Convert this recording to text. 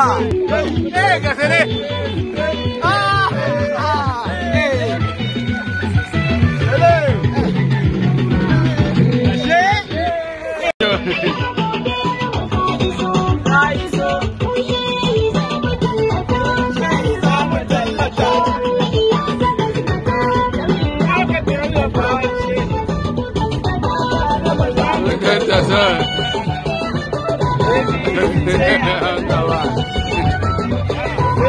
Venga, Seré! Yeah.